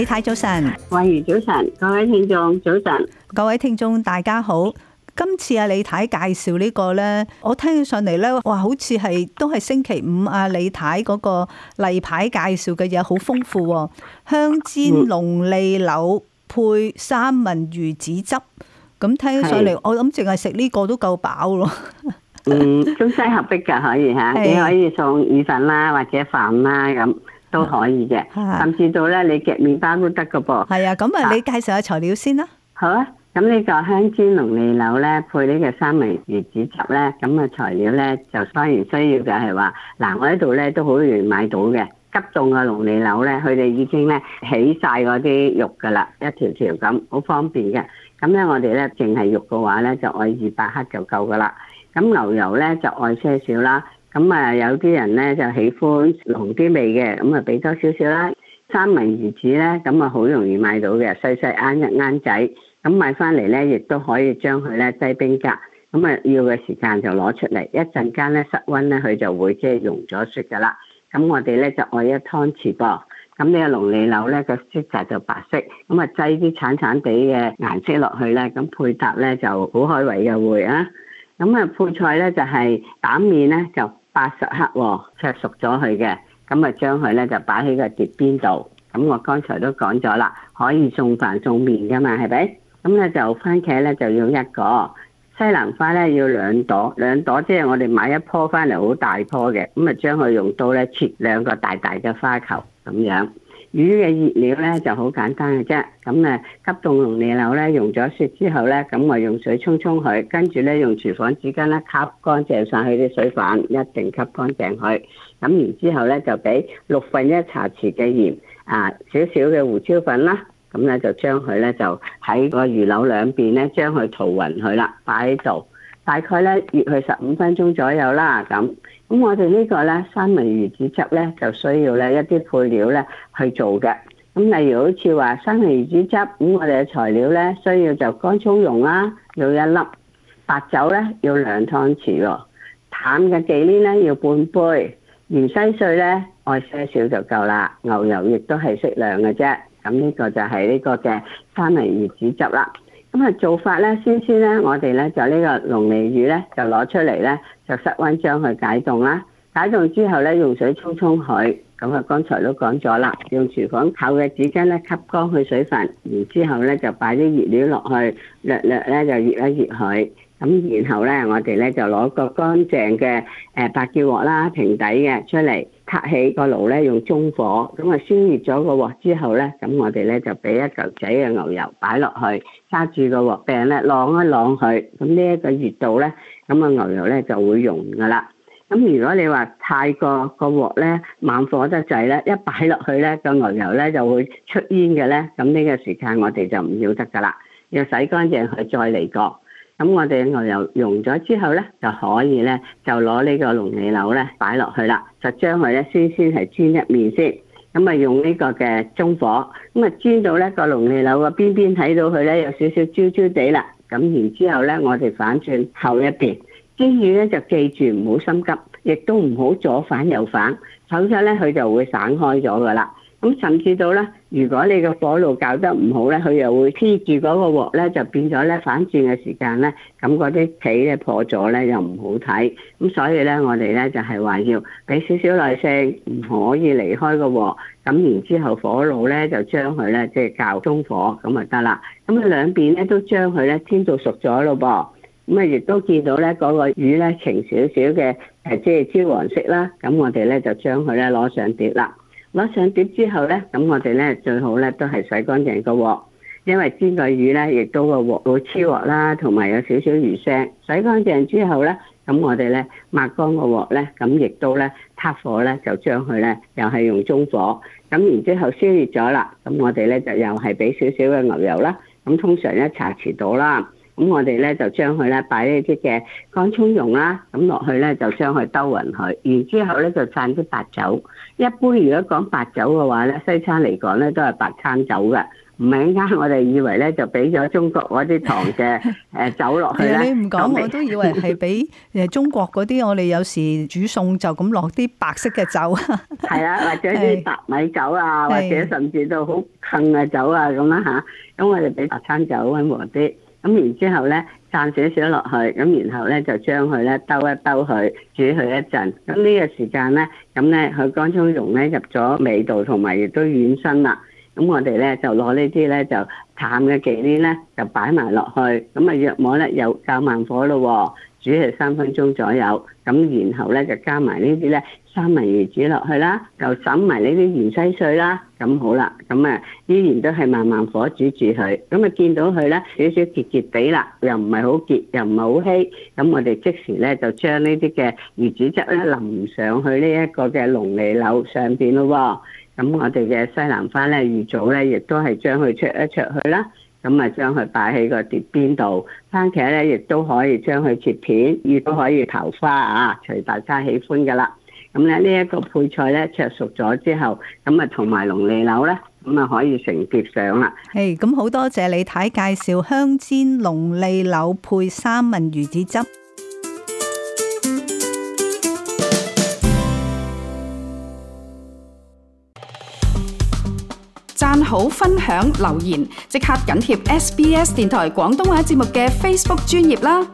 李太早晨，慧如早晨，各位聽眾早晨，各位聽眾大家好。今次阿李太介紹呢個咧，我聽起上嚟咧，哇，好似係都係星期五阿李太嗰個例牌介紹嘅嘢，好豐富。香煎龍脷柳配三文魚子汁，咁聽起上嚟，我諗淨係食呢個都夠飽咯。嗯，中西合璧㗎可以吓，你可以送魚粉啦，或者飯啦咁。都可以嘅，甚至到咧你夾麵包都得噶噃。係啊，咁啊，你介紹下材料先啦。好啊，咁呢個香煎龍利柳咧，配呢個三文魚子汁咧。咁啊，材料咧就當然需要嘅係話，嗱，我呢度咧都好容易買到嘅。急凍嘅龍利柳咧，佢哋已經咧起晒嗰啲肉噶啦，一條條咁，好方便嘅。咁咧，我哋咧淨係肉嘅話咧，就愛二百克就夠噶啦。咁牛油咧就愛些少啦。咁啊，有啲人咧就喜歡濃啲味嘅，咁啊俾多少少啦。三文魚子咧，咁啊好容易買到嘅，細細啱一啱仔，咁買翻嚟咧，亦都可以將佢咧擠冰格，咁啊要嘅時間就攞出嚟，一陣間咧室溫咧佢就會即係溶咗雪㗎啦。咁我哋咧就愛一湯匙噃。咁呢個龍脷柳咧個色澤就白色，咁啊擠啲橙橙哋嘅顏色落去咧，咁配搭咧就好開胃嘅會啊。咁啊配菜咧就係蛋麵咧就。八十克喎、哦，灼熟咗佢嘅，咁啊將佢咧就擺喺個碟邊度。咁我剛才都講咗啦，可以送飯送麵噶嘛，係咪？咁咧就番茄咧就要一個，西蘭花咧要兩朵，兩朵即係我哋買一樖翻嚟好大樖嘅，咁啊將佢用刀咧切兩個大大嘅花球咁樣。魚嘅醃料咧就好簡單嘅啫，咁咧急凍龍脷柳咧溶咗雪之後咧，咁我用水沖沖佢，跟住咧用廚房紙巾咧吸乾淨晒佢啲水份，一定吸乾淨佢。咁然之後咧就俾六分一茶匙嘅鹽，啊少少嘅胡椒粉啦，咁咧就將佢咧就喺個魚柳兩邊咧將佢塗勻佢啦，擺喺度，大概咧醃佢十五分鐘左右啦咁。咁我哋呢個咧三文魚子汁咧就需要咧一啲配料咧去做嘅。咁例如好似話三文魚子汁，咁我哋嘅材料咧需要就乾蔥蓉啊，要一粒白酒咧要兩湯匙淡嘅忌廉咧要半杯，芫茜碎咧愛些少就夠啦，牛油亦都係適量嘅啫。咁呢個就係呢個嘅三文魚子汁啦。咁啊做法咧，先先咧，我哋咧就呢個龍利魚咧，就攞出嚟咧，就室溫將佢解凍啦。解凍之後咧，用水沖沖佢。咁啊，剛才都講咗啦，用廚房厚嘅紙巾咧吸乾佢水分，然之後咧就擺啲熱料落去，略略咧就熱一熱佢。咁然後咧，我哋咧就攞個乾淨嘅誒白鐵鑊啦，平底嘅出嚟，撻起個爐咧，用中火。咁啊，燒熱咗個鑊之後咧，咁我哋咧就俾一嚿仔嘅牛油擺落去，揸住個鑊柄咧，晾一晾佢。咁呢一個熱度咧，咁個牛油咧就會溶噶啦。咁如果你話太過個鑊咧，猛火得滯咧，一擺落去咧，個牛油咧就會出煙嘅咧。咁、這、呢個時間我哋就唔要得噶啦，要洗乾淨佢再嚟過。咁我哋牛油溶咗之後呢，就可以呢就攞呢個龍脷柳呢擺落去啦，就將佢呢先先係煎一面先，咁啊用呢個嘅中火，咁啊煎到呢個龍脷柳個邊邊睇到佢呢有少少焦焦地啦，咁然之後呢，我哋反轉後一邊煎完呢就記住唔好心急，亦都唔好左翻右翻，否則呢，佢就會散開咗噶啦，咁甚至到呢。如果你個火爐較得唔好咧，佢又會黐住嗰個鑊咧，就變咗咧反轉嘅時間咧，咁嗰啲皮咧破咗咧又唔好睇。咁所以咧，我哋咧就係話要俾少少耐性，唔可以離開個鑊。咁然之後火爐咧就將佢咧即係較中火咁就得啦。咁佢兩邊咧都將佢咧煎到熟咗咯噃。咁啊亦都見到咧嗰個魚咧呈少少嘅誒即係焦黃色啦。咁我哋咧就將佢咧攞上碟啦。攞上碟之後咧，咁我哋咧最好咧都係洗乾淨個鑊，因為煎過魚咧，亦都個鑊會黐鑊啦，同埋有少少魚腥。洗乾淨之後咧，咁我哋咧抹乾個鑊咧，咁亦都咧撻火咧，就將佢咧又係用中火。咁然之後燒熱咗啦，咁我哋咧就又係俾少少嘅牛油啦，咁通常一茶匙到啦。咁我哋咧就將佢咧擺呢啲嘅乾葱蓉啦，咁落去咧就將佢兜勻佢，然之後咧就灒啲白酒。一般如果講白酒嘅話咧，西餐嚟講咧都係白餐酒嘅，唔係一間我哋以為咧就俾咗中國嗰啲糖嘅誒酒落去咧。 你唔講說 我都以為係俾誒中國嗰啲我哋有時煮餸就咁落啲白色嘅酒。係 啊，或者啲白米酒啊，或者甚至到好燉嘅酒啊咁啦，咁我哋俾白餐酒溫和啲。咁然之後咧，散少少落去，咁然後咧就將佢咧兜一兜佢，煮佢一陣。咁、這、呢個時間咧，咁咧佢乾葱蓉咧入咗味道，同埋亦都軟身啦。咁我哋咧就攞呢啲咧就。淡嘅忌廉咧就擺埋落去，咁啊藥網咧又較慢火咯，煮係三分鐘左右，咁然後咧就加埋呢啲咧三文魚子落去啦，又揼埋呢啲芫茜碎啦，咁好啦，咁啊依然都係慢慢火煮住佢，咁啊見到佢咧少少結結地啦，又唔係好結又唔係好稀，咁我哋即時咧就將呢啲嘅魚子汁咧淋上去呢一個嘅龍脷柳上邊咯。咁我哋嘅西蘭花咧，預早咧亦都係將佢焯一焯去啦，咁啊將佢擺喺個碟邊度。番茄咧亦都可以將佢切片，亦都可以頭花啊，隨大家喜歡噶啦。咁咧呢一個配菜咧焯熟咗之後，咁啊同埋龍脷柳咧，咁啊可以成碟上啦。誒，咁好多謝李太介紹香煎龍脷柳配三文魚子汁。讚好、分享、留言，即刻緊貼 SBS 電台廣東話節目嘅 Facebook 專頁啦！